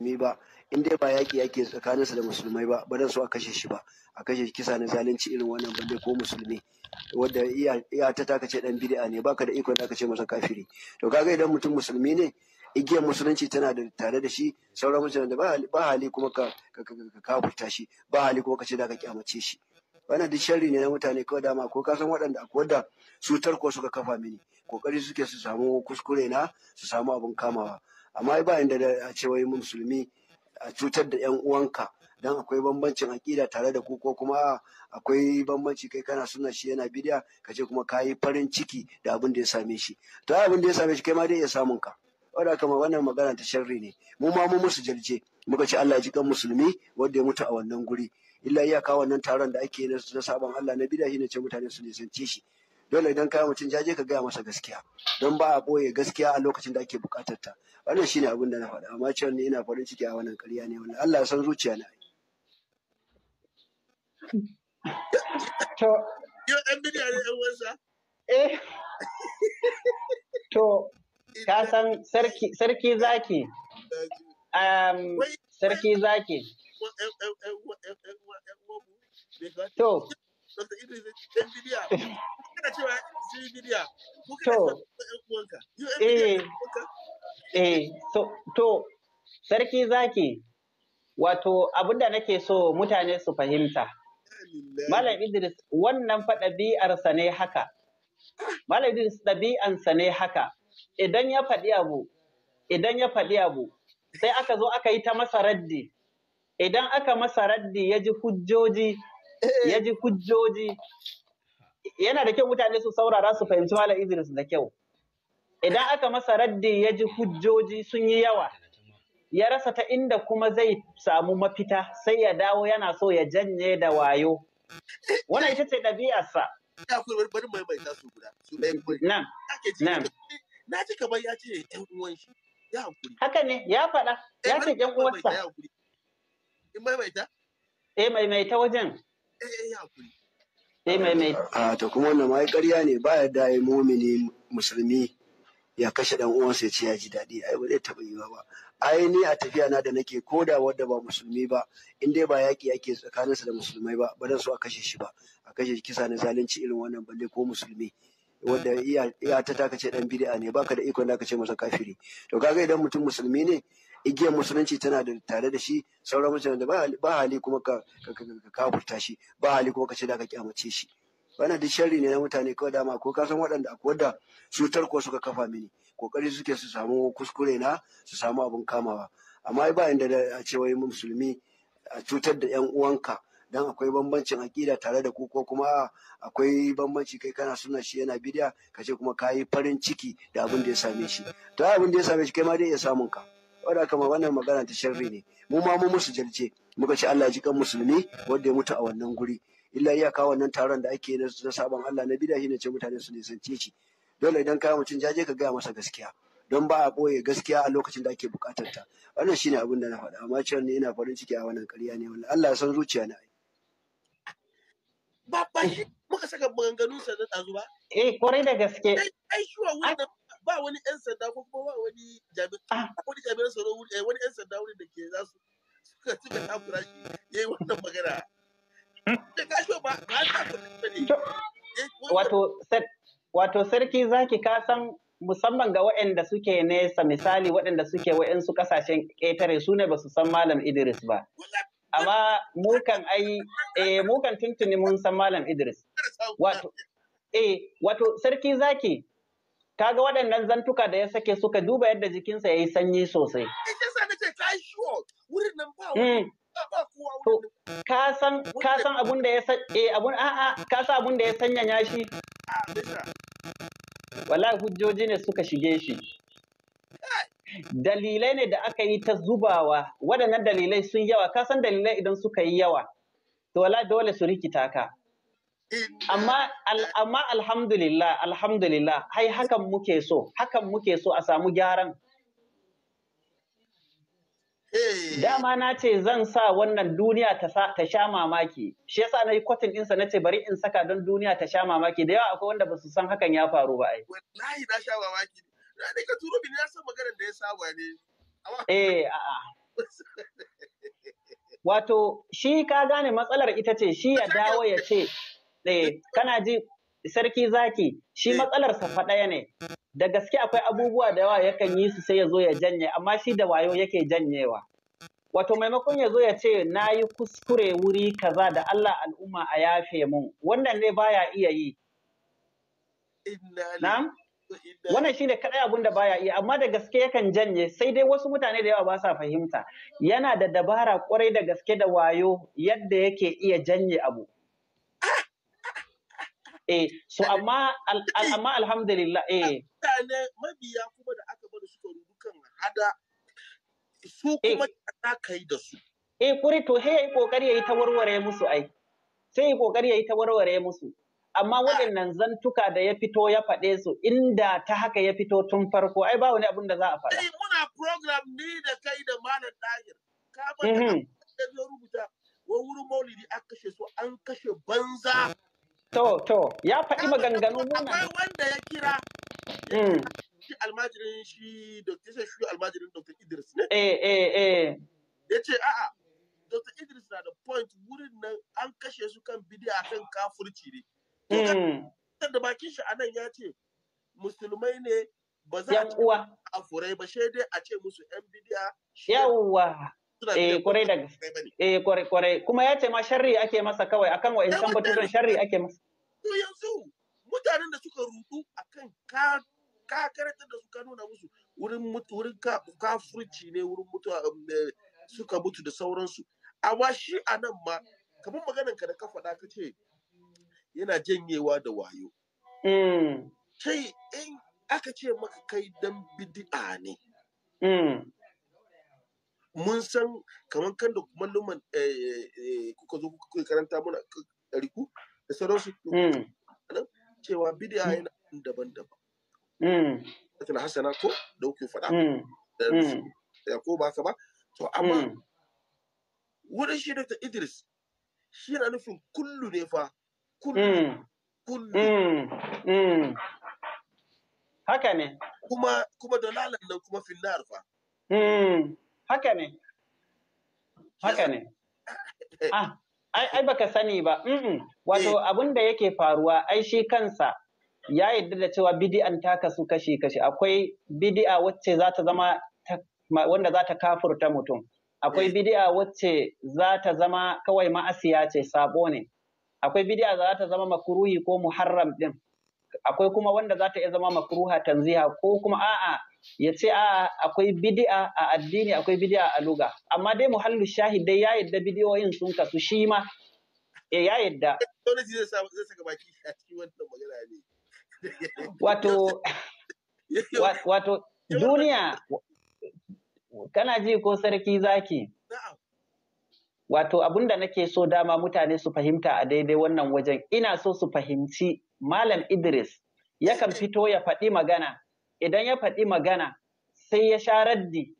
musulmi ba in dai ba yaƙi yake tsakaninsa da musulmai ba ba so a kashe shi ba a kashe kisa na zalunci irin wannan dai ko musulmi wanda iya ta taka ce dan bid'a ne baka da ikon da ce masa kafiri to kaga idan mutum musulmi ne igiyar musulunci tana da tare da shi sauran mutane da ba hali kuma ka kafurta shi ba hali kuma ka ce da ka kyamace shi wannan duk sharri ne na mutane kawai dama ko ka san waɗanda akwai wanda su tarko suka kafa mini kokari suke su samu kuskure na su samu abin kamawa amma ba inda da a ce wai musulmi a cutar da yan uwanka dan akwai bambancin aƙida tare da ku ko kuma akwai bambanci kai kana suna shi yana bidiya ka ce kuma kayi farin ciki da abin da ya same shi to abin da ya same shi kai ma dai ya samun ka wanda kama wannan magana ta sharri ne mu ma mu musu jalje muka ci Allah ji kan musulmi wanda ya mutu a wannan guri illa iyaka wannan taron da ake na sabon Allah na bidiya shine ce mutane su nisanci shi dole idan ka mutum jaje ka gaya masa gaskiya don ba a boye gaskiya a lokacin da ake bukatar ta wannan shine abin da na faɗa amma cewa ni ina farin ciki a wannan ƙarya ne wannan Allah ya san zuciya na to yo dan bidiya ne yan wasa eh to ka san sarki sarki zaki um sarki zaki to to eh eh to to sarki zaki wato abinda nake so mutane su fahimta Malam Idris wannan fa ɗabi'arsa ne haka Malam Idris ɗabi'ansa ne haka idan ya faɗi abu idan ya faɗi abu sai aka zo aka yi ta masa raddi idan aka masa raddi ya ji hujjoji eh. ya ji hujjoji yana da kyau mutane su saurara su fahimci Malam Idris da kyau. Idan aka masa raddi ya ji hujjoji sun yi yawa, ya rasa ta inda kuma zai samu mafita sai ya dawo yana so ya janye da wayo. Wannan ita ce ɗabi'arsa. Ya kuma bari maimaita su guda, su ɗaya kuma. Nan, nan. Na ji kamar ya ce ‘yan uwan shi, ya hankuri. Haka ne, ya faɗa, eh, ya ce ‘yan uwansa. In maimaita? Eh ta wajen. Eh, eh ya hankuri. sai mai mai kuma wannan mai ƙarya ne ba ya da mumini musulmi ya kashe dan uwansa ya ce ya ji daɗi ai ba zai taɓa yi ba ai ni a tafiya na da nake ko da wanda ba musulmi ba in dai ba yaƙi ake tsakaninsa da musulmai ba ba dan so a kashe shi ba a kashe kisa na zalunci irin wannan balle ko musulmi wanda iya ta ka ce dan bid'a ne baka da ikon da ka ce masa kafiri to kaga idan mutum musulmi ne igiyar musulunci tana da tare da shi sauran mutane da ba hali kuma ka kafurta shi ba hali kuma ka ce da ka kyamace shi wannan duk sharri ne na mutane kawai dama ko ka san waɗanda a wadda cutar ko suka kafa mini kokari suke su samu kuskure na su samu abin kamawa amma ba inda da a ce wai musulmi a cutar da yan uwanka dan akwai bambancin aƙida tare da ku ko kuma akwai bambanci kai kana suna shi yana bidiya ce kuma kayi farin ciki da abin da ya same shi to abin da ya same shi kai ma dai ya samun ka wadda kama wannan magana ta sharri ne mu ma mu musu jarje muka ci Allah ya ji kan musulmi wanda ya mutu a wannan guri illa iyaka wannan taron da ake na sabon Allah na bida ne ce mutane su nisance shi dole idan ka mutum jaje ka gaya masa gaskiya don ba a ɓoye gaskiya a lokacin da ake bukatar ta wannan shine abin da na faɗa amma cewa ne ina farin ciki a wannan ƙarya ne wannan Allah ya san zuciya na ba muka saka maganganun sa na ba eh kwarai da gaske ai wannan ba wani yan sanda ko kuma ba wani jami'an ah. wani jami'an tsaro eh, wani yan sanda wani da ke za su suka tuka takura shi yi wannan magana da kashi ba an takura ne eh, wato wato sarki zaki ka san musamman ga waɗanda suke nesa misali waɗanda suke waɗansu ƙasashen ƙetare su ne ba su san Malam Idris ba. Amma mukan ai, eh, mukan tuntuni mun san Malam Idris. Wato, eh, wato sarki zaki, kaga waɗannan zantuka da ya sake suka duba yadda jikinsa ya yi sanyi sosai. Ka san abun da ya sanya abun a'a ya shi. Wallahi hujjoji ne suka shige shi. Dalilai ne da aka yi ta zubawa, waɗannan dalilai sun yawa, ka san dalilai idan suka yi yawa, to wala dole su rikita ka. amma amma alhamdulillah alhamdulillah hai hakan muke so hakan muke so a samu gyaran dama na ce zan sa wannan duniya ta sha mamaki shi yasa na yi kwatin ɗinsa na ce bari in saka don duniya ta sha mamaki da yawa akwai wanda ba su san hakan ya faru ba ai wallahi na sha mamaki na da ka turo bin ya san maganar da ya saba ne eh a'a wato shi ka gane matsalar ita ce shi ya dawo ya ce eh kana ji sarki zaki shi eh. matsalar sa fa ɗaya ne da gaske akwai abubuwa da yawa yakan yi su sai ya zo ya janye amma shi da wayo yake janyewa wato maimakon ya zo ya ce na yi kuskure wuri kaza da Allah al'umma a yafe mun wannan ne baya iya yi na'am wannan shine kaɗai abun da baya iya amma da gaske yakan janye sai dai wasu mutane da yawa ba sa fahimta yana da dabara kwarai da gaske da wayo yadda yake iya janye abu eh so amma amma alhamdulillah eh mutane mabiya kuma da aka bar suka rubu kan hada su eh. kuma ta ka yi da su eh kuri to he yayi kokari yayi ta warware musu ai sai yayi kokari yayi ta warware musu amma waɗannan zantuka da ya fito ya faɗe su inda ta haka ya fito tun farko ai ba wani abin da za a faɗa. muna program ni da kai da malam dahir ka ba ta mhm. rubuta wa wurin maulidi an kashe su an kashe banza To, to, ya faɗi maganganu nuna. Akwai wanda ya kira mm. shi almajirin shi Dr. shi almajirin Dr. Idris ne? Eh, eh, eh. Ya ce, a'a, Dr. Idris na da point wurin nan an kashe su kan bidiya kan kafurci ne. Mm. Da bakin shi anan ya ce, musulmai ne ba za a furai ba, sai dai a ce musu 'yan bidiya. Yawwa. tunanin eh kwarai da eh kwarai kwarai kuma ya ce ma sharri ake masa kawai akan wa'ancan batutan sharri ake masa to yanzu mutanen da suka rudu akan ka ka karanta da suka nuna musu wurin wurin ka kafurci ne wurin mutuwa um, eh, suka mutu da sauransu amma shi a nan ma kamar maganar ka da ka faɗa ka ce yana janyewa da wayo sai mm. in aka ce maka kai dan bid'a ne mm. mun san kamar kan da malluman eh, eh, kuka zo kuka karanta muna ɗariku da sauransu mm. cewa bidiya mm. yana daban-daban. Mm. Tana hasana ko da kuke faɗa. Da ko ba ka ba. To amma wurin shi Dr. Idris shi yana nufin kullu ne fa kullu kullu. Haka ne. Kuma kuma dalalan nan kuma finnar fa. haka ne haka ne ah ai ai baka sani ba mm wato eh. abun da yake faruwa ai shi kansa ya yarda da cewa bidi'an ta kasu kashi kashi akwai bid'a wacce za ta zama wanda za ta kafurta mutum akwai eh. bidi'a wacce za ta zama kawai ma'asiya ce sabo ne akwai bidi'a za ta zama makruhi ko muharram din akwai kuma wanda za ta iya zama makruha tanziha ko kuma a'a ya ce a akwai bidi'a a addini akwai bidi'a a luga amma dai muhallu Shahi dai ya yadda bidiyoyin sun kasu shi ma eh, ya yadda wato wato duniya kana ji ko sarki zaki wato abun da nake so dama mutane su fahimta a daidai wannan wajen ina so su fahimci malam idris yakan fito ya faɗi magana idan ya faɗi magana sai ya sha raddi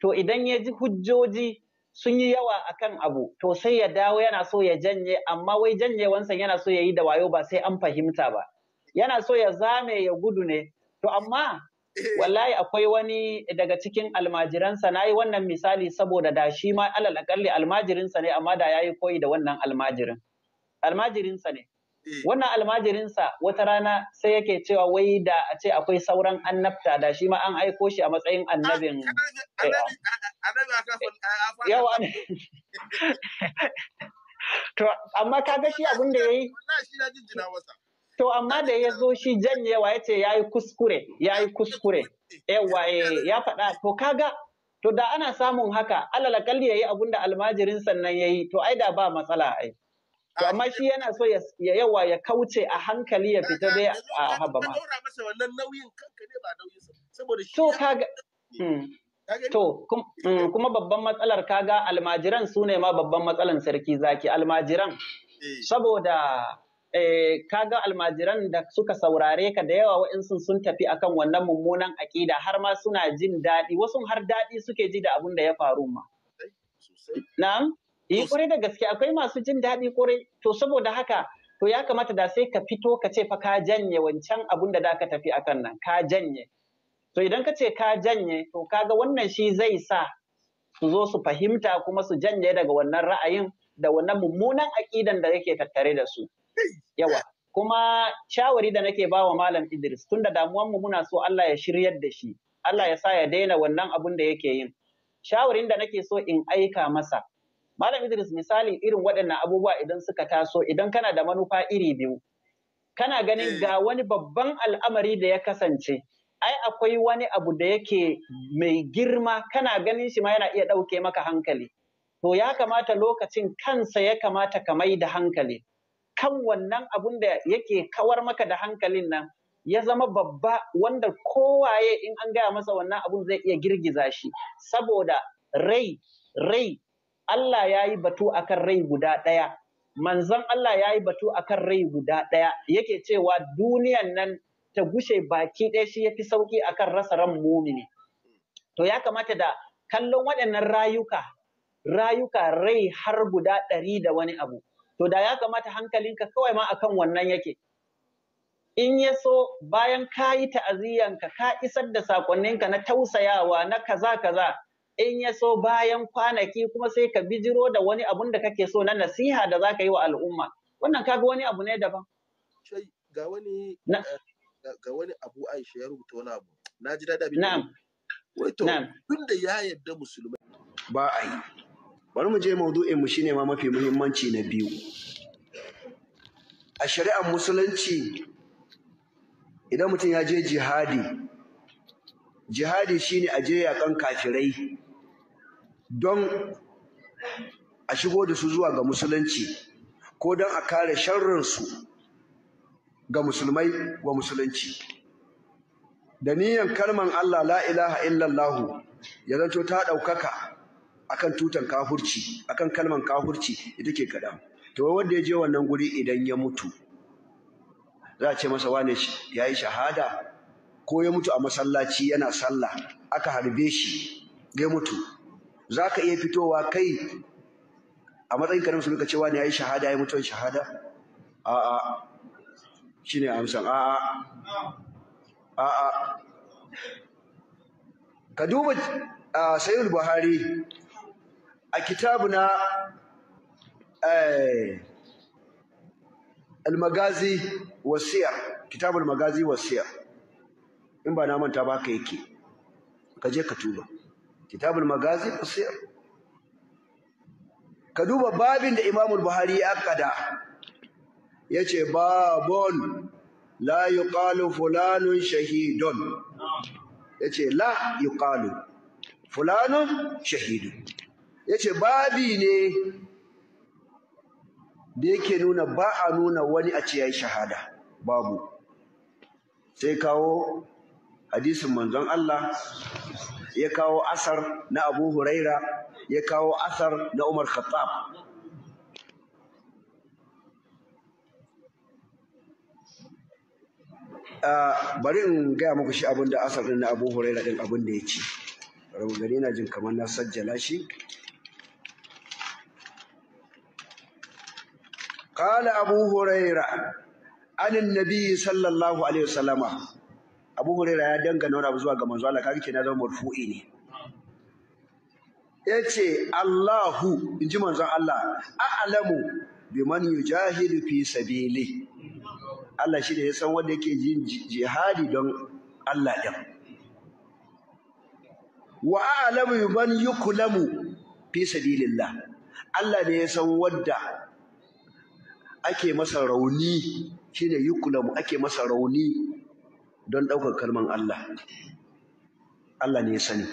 to idan ya ji hujjoji sun yi yawa akan abu to sai ya dawo yana so ya janye amma wai janyewansa yana so ya yi da wayo ba sai an fahimta ba yana so ya zame ya gudu ne to amma wallahi akwai wani daga cikin almajiransa na yi wannan misali saboda da shi ma alal akalli almajirinsa ne amma da ya yi koyi da wannan almajirin almajirinsa ne Eh. wannan almajirinsa wata rana sai yake cewa wai da a ce akwai sauran annabta da shi ma an aiko shi a matsayin annabin ah, yawa to amma kaga shi abin da yayi to amma da ya zo shi janyewa ya ce ya yi kuskure ya yi kuskure yawa eh, ya faɗa to kaga to da ana samun haka alalakalli ya yayi abin da almajirin sannan yayi to ai da ba matsala ai To amma shi yana so ya yawa ya kauce a hankali ya fita dai a haba ma. To hmm. hmm, eh. kuma babban matsalar kaga almajiran su ne ma babban Matsalar sarki zaki almajiran. Eh. Saboda eh, kaga almajiran da suka saurare ka da yawa wa'insu sun tafi akan wannan mummunan aƙida har ma suna jin daɗi wasu har daɗi suke ji da abin da ya faru ma. Na'am? Eh kwarai da gaske akwai masu jin daɗi kwarai to saboda haka to ya kamata da sai ka fito ka ce fa ka janye wancan abun da da ka tafi akan nan ka janye. To idan ka ce ka janye to kaga wannan shi zai sa su zo su fahimta kuma su janye daga wannan ra'ayin da wannan mummunan aƙidan da yake tattare da su. Yawa. Kuma shawari da nake bawa Malam Idris tunda damuwan mu muna so Allah ya shiryar da shi. Allah ya sa ya daina wannan abun da yake yin. Shawarin da nake so in aika masa Malam Idris misali irin waɗannan abubuwa idan suka taso idan kana da manufa iri biyu. Kana ganin eh. ga wani babban al'amari da ya kasance, ai akwai wani abu da yake mai girma kana ganin shi ma yana iya ɗauke maka hankali. To ya kamata lokacin kansa ya kamata ka mai da hankali. Kan wannan abun da yake kawar maka da hankalin nan ya zama babba wanda kowaye in an gaya masa wannan abun zai iya girgiza shi. Saboda rai, rai Allah ya yi batu a kan rai guda ɗaya manzon Allah ya yi batu a kan rai guda ɗaya yake cewa duniyan nan ta gushe baki ɗaya shi ya fi sauƙi a kan rasa ran mumini to ya kamata da kallon waɗannan rayuka rayuka rai har guda ɗari da wani abu to da ya kamata hankalinka kawai ma akan wannan yake in ya so bayan ka yi ta'aziyyanka ka isar da saƙonninka na tausayawa na kaza kaza in ya so bayan kwanaki kuma sai ka bijiro da wani abun da kake so na nasiha da za ka yi wa al'umma wannan kaga wani abu ne daban ga wani eh, ga wani abu Aisha ya rubuta wani abu na ji daɗi na'am wai tun da ya yarda musulmai ba a yi bari mu je maudu'in mu shine ma mafi muhimmanci na biyu a shari'ar musulunci idan mutum ya je jihadi jihadi shine a je yakan kafirai don a shigo da su zuwa ga musulunci ko don a kare sharrinsu ga musulmai wa musulunci da niyan kalman Allah la ilaha illallahu, ya zanto ta ɗaukaka akan tutan kafurci akan kalman kafurci ita ke kaɗan to wanda ya je wannan guri idan ya mutu za a ce masa wane ya yi shahada ko ya mutu a masallaci yana sallah aka harbe shi ya mutu za ka iya fitowa kai a matsayin karin na musulmi ka ce wani ya yi shahada ya mutuwar shahada a'a shi ne amsan a'a a'a ka duba sayul buhari a kitabu na eh, almagazi wasiya kitabu magazi wasiya in ba na manta ba ka yake ka je ka tuba kitabul magazi qasir ka duba babin da Imamul Buhari ya kada yace babun la kalu fulanun shahidun yace la kalu fulanun shahidun ce, babi ne da yake nuna ba a nuna wani a ce shahada babu sai kawo hadisin manzon Allah ya kawo asar na Abu Huraira ya kawo asar na Umar Khattab ah, bari in gaya muku shi abin da asar na Abu Huraira din abin da ya ci, rabu gari na jin kamar na sajjala shi قال أبو هريرة عن النبي صلى الله عليه وسلم Abu Hurairah ya dangana wani abu zuwa ga manzo Allah kaga kenan zama marfu'i ne yace Allahu inji manzo Allah a'lamu man yujahidu fi sabili Allah shi da ya san wanda yake yin jihadi don Allah din wa a'lamu man yukulamu fi sabilillah Allah ne ya san wanda ake masa rauni shi ne yukulamu ake masa rauni don ɗaukar kalman Allah Allah ne ya sani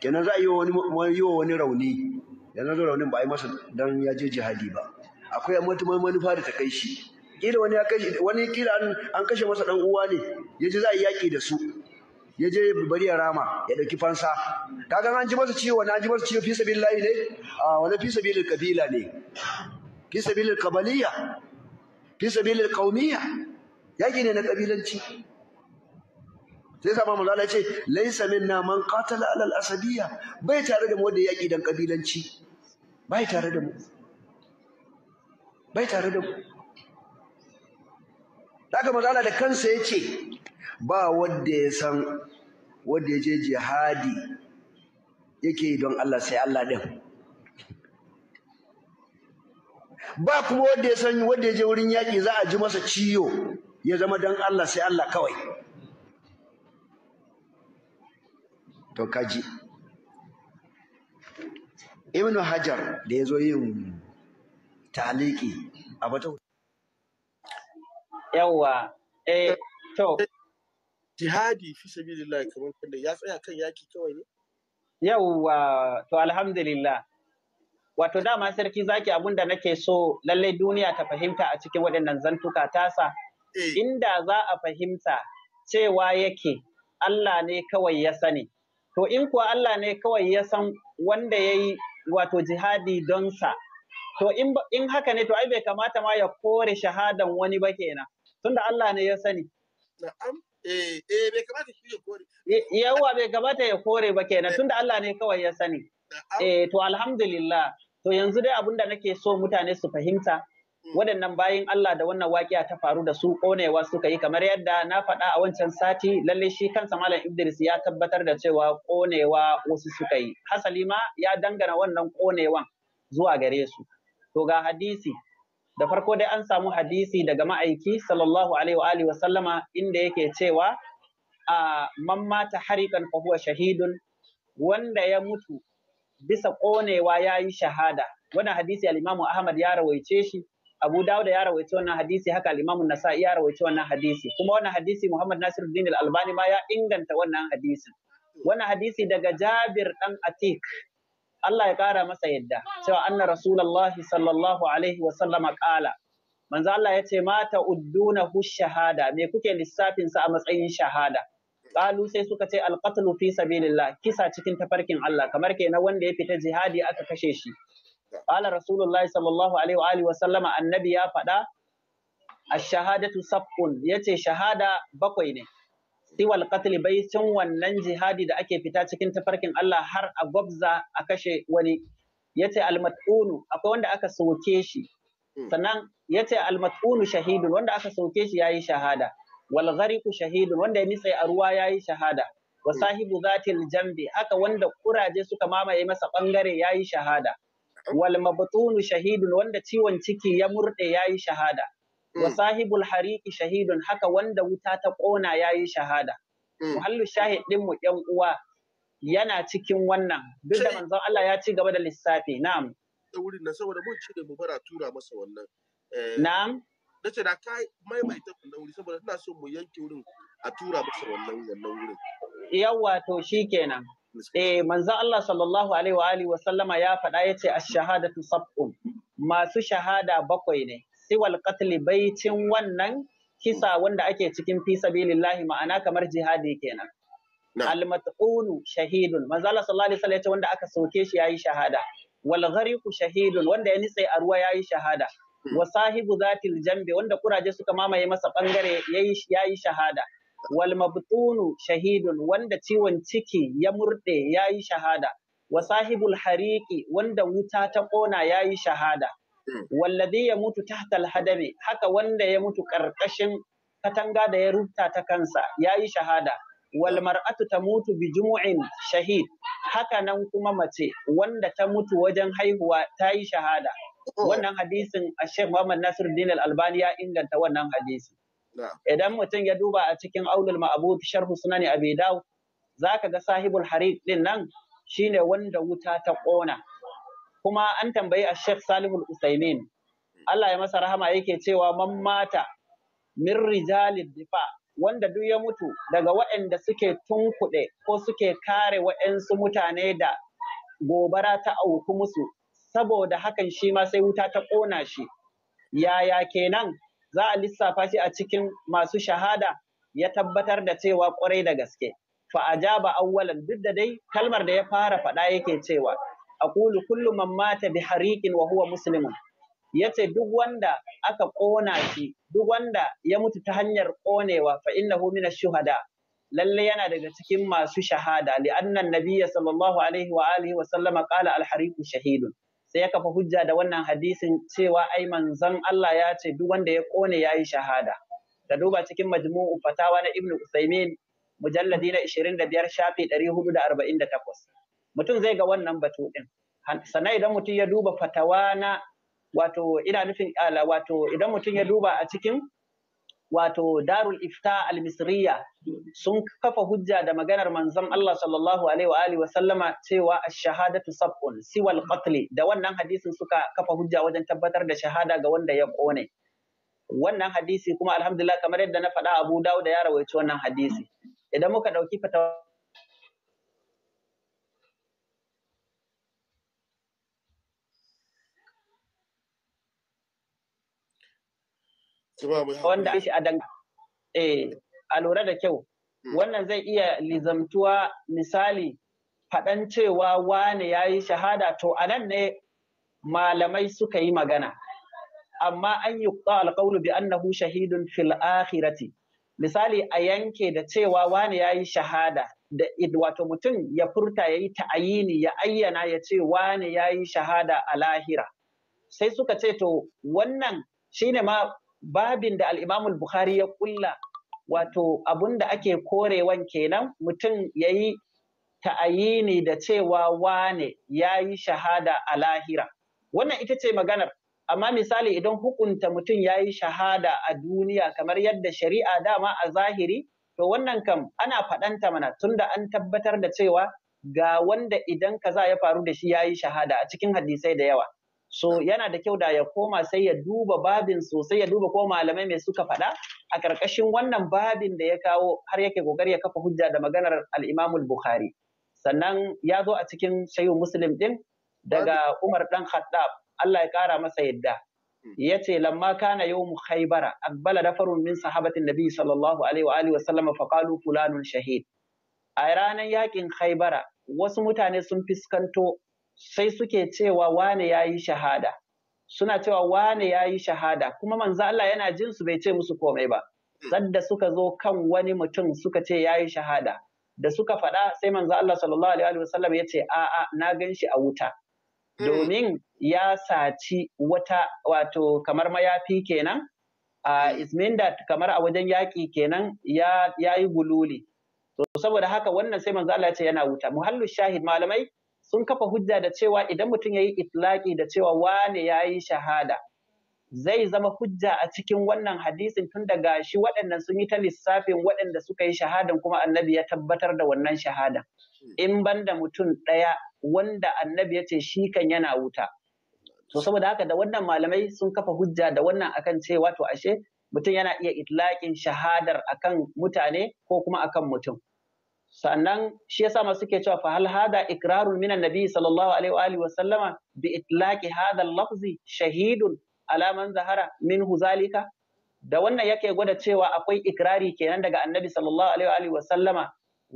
kenan za a yi wa wani rauni yanzu zo raunin ba a yi masa don ya je jihadi ba akwai mutumar manufa da ta kai shi kila wani ya kashe wani kila an kashe masa dan uwa ne ya ji za a yi yaƙi da su ya je bari ya rama ya ɗauki fansa Ka ga an ji masa ciwo wani an ji masa ciwo fi layi ne a wani fi sabilil kabila ne fi sabilil kabaliya fi sabilil kaumiya? yaƙi ne na kabilanci sai sa mamu ya ce laisa minna man qatala al asadiyya bai tare da mu wanda yaki dan kabilanci bai tare da mu bai tare da mu daga mazala da kansa yace ba wanda ya san wanda ya je jihadi yake don Allah sai Allah din ba kuma wanda ya san wanda ya je wurin yaki za a ji masa ciyo ya zama dan Allah sai Allah kawai to kaji ibnu hajar da ya zo yin taliki a wata yawa eh to jihadi fi sabilillah kamar kanda ya tsaya kan yaki kawai ne yawa to alhamdulillah wato dama sarki zaki abun da nake so lallai duniya ta fahimta a cikin waɗannan zantuka tasa eh. inda za a fahimta cewa yake Allah ne kawai ya sani To in kuwa Allah ne kawai ya san wanda ya yi wato jihadi don sa, to in haka ne to ai bai kamata ma ya kore shahadan wani ba kenan, tunda Allah ne ya sani. Eh, eh, bai kamata ya kore. Yawwa bai kamata ya kore ba kenan, tunda Allah ne kawai ya sani. Eh, to alhamdulillah, to yanzu dai abin da nake so mutane su fahimta, Mm. waɗannan bayan Allah da wannan waƙiya ta faru da su ƙonewa suka yi kamar yadda na faɗa a wancan sati lalle shi kansa malam Idris ya tabbatar da cewa ƙonewa wasu suka yi hasali ma ya dangana wannan ƙonewan zuwa gare su to ga hadisi da farko dai an samu hadisi daga ma'aiki sallallahu alaihi wa wa sallama inda yake cewa a mamata harikan fa huwa shahidun wanda ya mutu bisa ƙonewa ya yi shahada wannan hadisi al-Imam Ahmad ya rawaice shi Abu Dawud ya rawaici wannan hadisi haka al nasai ya rawaici wannan hadisi kuma wannan hadisi Muhammad Nasiruddin al-Albani ma ya inganta wannan hadisin wannan hadisi daga Jabir dan Atik Allah ya kara masa yadda cewa anna Rasulullahi sallallahu alaihi wa sallama qala manzo Allah yace mata udduna hu shahada me kuke lissafin sa a matsayin shahada qalu sai suka ce al-qatlu fi sabilillah kisa cikin tafarkin Allah kamar kenan wanda ya fita jihadi aka kashe shi Qala Rasulullahi sallallahu alaihi annabi ya faɗa ash-shahadatu sab'un yace shahada bakwai ne. Siwal bai cin wannan jihadi da ake fita cikin tafarkin Allah har a gwabza a kashe wani yace al-mat'unu akwai wanda aka soke shi hmm. yace al-mat'unu wanda aka soke shi yayi shahada wal ghariqu shahidun wanda ya nitse a ruwa yayi shahada wa hmm. sahibu zatil jambi haka wanda kuraje suka mamaye masa bangare yayi shahada wal mabtunu shahidun wanda ciwon ciki ya murde yayi shahada wa mm. sahibul hariki shahidun haka wanda wuta ta kona yayi shahada mm. muhallu shahid din mu yan uwa yana cikin wannan duk da manzon Allah ya ci gaba da lissafi na'am da wurin nan saboda mun cire mu bara tura masa wannan eh, na'am nace da kai maimaita wannan wuri saboda ina so mu yanke wurin a tura masa wannan wannan wurin yawa to shikenan eh manzo Allah sallallahu alaihi wa alihi wa sallama ya faɗa yace ash-shahadatu sab'un masu shahada bakwai ne siwal qatl baitin wannan kisa wanda ake cikin fi sabilillahi ma'ana kamar jihadi kenan al-mat'unu shahidun manzo Allah sallallahu alaihi wa sallam yace wanda aka soke shi yayi shahada wal ghariqu shahidun wanda ya nitse a ruwa yayi shahada hmm. wa sahibu zatil jambe wanda kuraje suka mamaye masa bangare yayi yayi shahada wal mabtunu shahidun wanda ciwon ciki ya murde yayi shahada wa sahibul hariqi wanda wuta ta ƙona yayi shahada hmm. walladhi ya mutu tahta alhadami haka wanda ya mutu ƙarƙashin katanga da ya rubuta ta kansa yayi shahada wal hmm. mar'atu tamutu bi jumu'in shahid haka nan kuma mace wanda ta mutu wajen haihuwa ta yi shahada oh. wannan hadisin a Sheikh Muhammad Nasir Al-Albani ya inganta wannan hadisi Idan mutum ya duba a cikin aulul ma'abud sharhu a abi za zaka ga sahibul harid din nan shine wanda wuta ta ƙona. Kuma an tambayi a Sheikh Salihul Usaimin Allah ya masa rahama yake cewa man mata min rijalid difa wanda duk ya mutu daga waɗanda suke tunkuɗe ko suke kare waɗansu mutane da gobara ta auku musu saboda hakan shi ma sai wuta ta ƙona shi yaya kenan za a lissafa shi a cikin masu shahada ya tabbatar da cewa kwarai da gaske fa ajaba awwalan duk da dai kalmar da ya fara faɗa yake cewa aqulu kullu man mata bi hariqin wa huwa muslimun yace duk wanda aka kona shi duk wanda ya mutu ta hanyar konewa fa innahu min shuhada lalle yana daga cikin masu shahada li anna nabiyya sallallahu alaihi wa alihi wa sallama qala al hariqu shahidun sai ya kafa hujja da wannan hadisin cewa ai manzon Allah ya ce duk wanda ya kone ya yi shahada ka duba cikin majmu'u fatawa na Ibn Usaimin mujalladi na 25 shafi 448 mutum zai ga wannan batu din sannan idan mutum ya duba fatawa na wato ina nufin ala wato idan mutum ya duba a cikin wato darul ifta al-misriya sun kafa hujja da maganar manzon Allah sallallahu alaihi wa sallama cewa ash-shahadatu sab'un siwal qatl da wannan hadisin suka kafa hujja wajen tabbatar da shahada ga wanda ya kone wannan hadisi kuma alhamdulillah kamar yadda na faɗa Abu Dawud ya rawaici wannan hadisi idan muka dauki fatawa wanda ake a eh a lura da kyau hmm. wannan zai iya lizamtuwa misali faɗan cewa wane ya yi shahada to a nan ne malamai suka yi magana amma an yi alƙawlu bi annahu shahidun fil akhirati misali a yanke da cewa wane ya yi shahada da wato mutum ya furta ya yi ta'ayini ya ayyana ya ce wane ya yi shahada a lahira sai suka ce to wannan shine ma babin da al'imamul Bukhari ya kulla wato abun da ake korewan kenan mutum ya yi ta'ayini da cewa wane ya yi shahada a lahira. Wannan ita ce maganar, amma misali idan hukunta mutum ya yi shahada a duniya kamar yadda shari'a dama a zahiri, to wannan kam ana faɗanta mana tunda an tabbatar da cewa ga wanda idan kaza ya faru da shi ya yi shahada a cikin hadisai da yawa. So yana da kyau da ya koma sai ya duba babin sosai ya duba ko malamai mai suka faɗa a ƙarƙashin wannan babin da ya kawo har yake gogar ya kafa hujja da maganar al'imamul bukhari Sannan ya zo a cikin Shayu Muslim ɗin? daga Umar dan Khattab Allah ya ƙara masa yadda. Ya ce lamma kana yawmu khaybara aqbala nafarun min sahabatin nabi sallallahu alaihi wa alihi wa faqalu fulanun shahid. A ranar yakin khaybara wasu mutane sun fuskanto. sai suke cewa wane ya yi shahada suna cewa wane ya yi shahada kuma manzo Allah yana jin su bai ce musu komai ba sadda suka zo kan wani mutum suka ce ya yi shahada da suka faɗa sai manzo Allah sallallahu alaihi wa sallam ya ce a'a na gan shi a wuta hmm. domin ya saci wata wato kamar mayafi kenan a hmm. isminda kamar a wajen yaƙi kenan ya yi gululi to saboda haka wannan sai manzo Allah ya ce yana wuta muhallu shahid malamai sun kafa hujja da cewa idan mutum ya yi itlaƙi da cewa wane ya yi shahada zai zama hujja a cikin wannan hadisin tun da gashi waɗannan sun yi ta lissafin waɗanda suka yi shahadan kuma annabi ya tabbatar da wannan shahada. in ban da mutum ɗaya wanda annabi ya ce shi kan yana wuta to saboda haka da wannan malamai sun kafa hujja da wannan akan cewa to ashe mutum yana iya itlaƙin shahadar akan mutane ko kuma akan mutum sannan shi yasa ma suke cewa fa hal hada ikrarun minan nabi sallallahu alaihi wa alihi wa sallama bi itlaqi hada lafzi shahidun ala man zahara minhu zalika da wannan yake gwada cewa akwai ikrari kenan daga annabi sallallahu alaihi wa alihi wa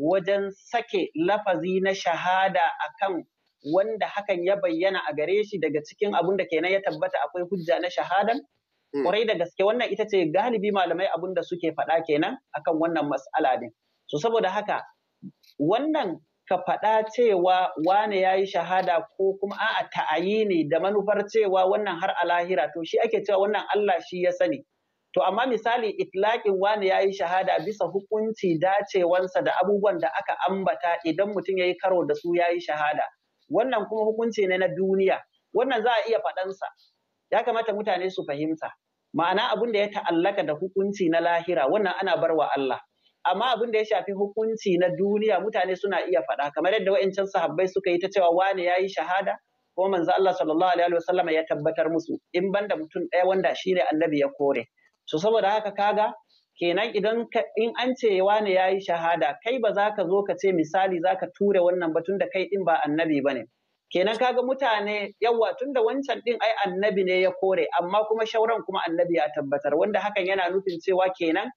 wajen sake lafazi na shahada akan wanda hakan ya bayyana a gare shi daga cikin abun da kenan ya tabbata akwai hujja na shahadan hmm. kwarai da gaske wannan ita ce galibi malamai abun da suke faɗa kenan akan wannan mas'ala din so saboda haka wannan ka faɗa cewa wane ya yi shahada ko kuma a'a ta'ayi ne da manufar cewa wannan har a lahira to shi ake cewa wannan Allah shi ya sani to amma misali itlaƙin wane ya yi shahada bisa hukunci dacewansa da abubuwan da aka ambata idan mutum ya yi karo da su ya yi shahada wannan kuma hukunci ne na duniya wannan za a iya faɗansa ya kamata mutane su fahimta ma'ana abin da ya ta'allaka da hukunci na lahira wannan ana barwa Allah amma abin da ya shafi hukunci na duniya mutane suna iya faɗa kamar yadda wa'ancan sahabbai suka yi ta cewa wani ya yi shahada ko manzo Allah sallallahu alaihi wasallam ya tabbatar musu in banda mutum ɗaya wanda shine annabi ya kore so saboda haka kaga kenan idan in an ce wani ya yi shahada kai ba za ka zo ka ce misali za ka ture wannan ba tunda kai din ba annabi bane kenan kaga mutane yawa tunda wancan din ai annabi ne ya kore amma kuma shauran kuma annabi ya tabbatar wanda hakan yana nufin cewa kenan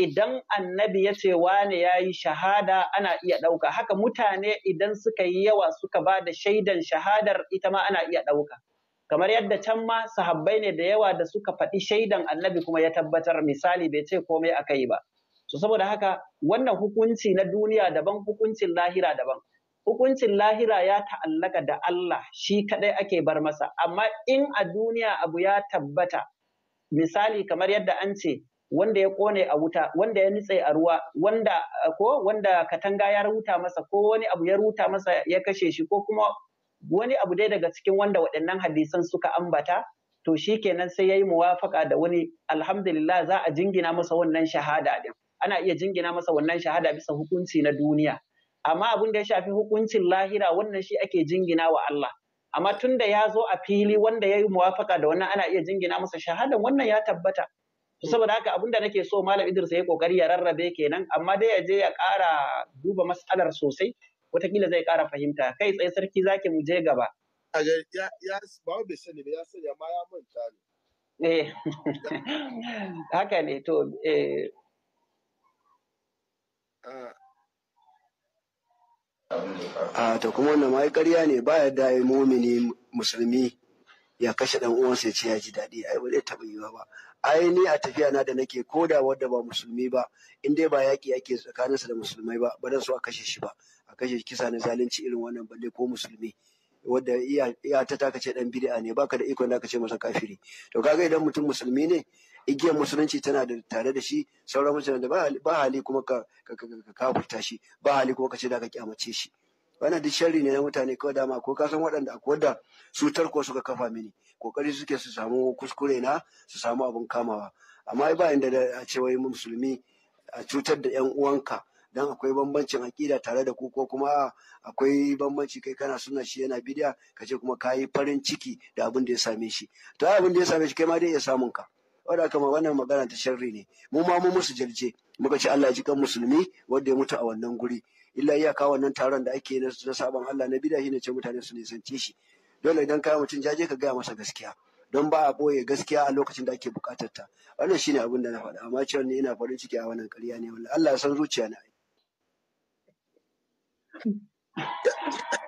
idan annabi ya ce wane ya yi shahada ana iya ɗauka haka mutane idan suka yi yawa suka ba da shaidan shahadar ita ma ana iya ɗauka kamar yadda can ma sahabbai ne da yawa da suka faɗi shaidan annabi kuma ya tabbatar misali bai ce komai aka yi ba so saboda haka wannan hukunci na duniya daban hukuncin lahira daban hukuncin lahira ya ta'allaka da Allah shi kadai ake bar masa amma in a duniya abu ya tabbata misali kamar yadda an ce wanda ya kone a wuta wanda ya nitse a ruwa wanda ko wanda katanga ya ruta masa ko wani abu ya ruta masa ya kashe shi ko kuma wani abu dai daga cikin wanda waɗannan hadisan suka ambata to shi kenan sai ya yi muwafaka da wani alhamdulillah za a jingina masa wannan shahada din ana iya jingina masa wannan shahada bisa hukunci na duniya amma abin da ya shafi hukuncin lahira wannan shi ake jingina wa Allah amma tunda ya zo a fili wanda ya yi muwafaka da wannan ana iya jingina masa shahadan wannan ya tabbata saboda haka abinda nake so malam Idris ya kokari ya rarrabe kenan amma dai ya je ya ƙara duba mas'alar sosai watakila zai ƙara fahimta kai tsaye sarki zaki mu je gaba ya ya ba bai sani ne ya sanya amma ya manta ne eh haka ne to eh a ah, to kuma wannan ma ƙarya ne ba ya da mumini musulmi ya kashe dan uwansa ya ce ya ji daɗi ai ba zai taɓa yiwa ba ai ni a tafiya na da nake ko da wanda ba musulmi ba in dai ba yaƙi ake tsakaninsa da musulmai ba ba zan so a kashe shi ba a kashe kisa na zalunci irin wannan balle ko musulmi wadda iya ta taka ce dan bid'a ne baka da ikon da ka ce masa kafiri to kaga idan mutum musulmi ne igiyar musulunci tana da tare da shi sauran mutane da ba hali kuma ka kafurta shi ba hali kuma ka ce da ka kyamace shi wani duk sharri ne na mutane kawai dama ko ka san waɗanda akwai wadda su tarko suka kafa mini kokari suke su samu kuskure na su samu abin kamawa amma ba inda da a ce wai musulmi a cutar da yan uwanka dan akwai bambancin aƙida tare da ku ko kuma akwai bambanci kai kana suna shi yana bidiya ka ce kuma kayi farin ciki da abin da ya same shi to abin da ya same shi kai ma dai ya samun ka wanda kama wannan magana ta sharri ne mu ma mu musu jalje muka ce Allah ya ji kan musulmi wanda ya mutu a wannan guri illa iyaka wannan taron da ake na sabon Allah na bida ne ce mutane su nisance shi dole idan ka mutum jaje ka gaya masa gaskiya don ba a boye gaskiya a lokacin da ake bukatar ta wannan shine abin da na faɗa amma cewa ni ina farin ciki a wannan ƙarya ne wallahi Allah ya san zuciya na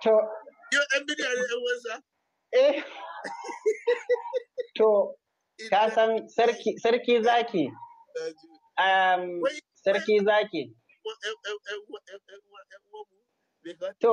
to yo dan bidiya ne ɗan wansa eh to ka san sarki sarki zaki um, sarki zaki To.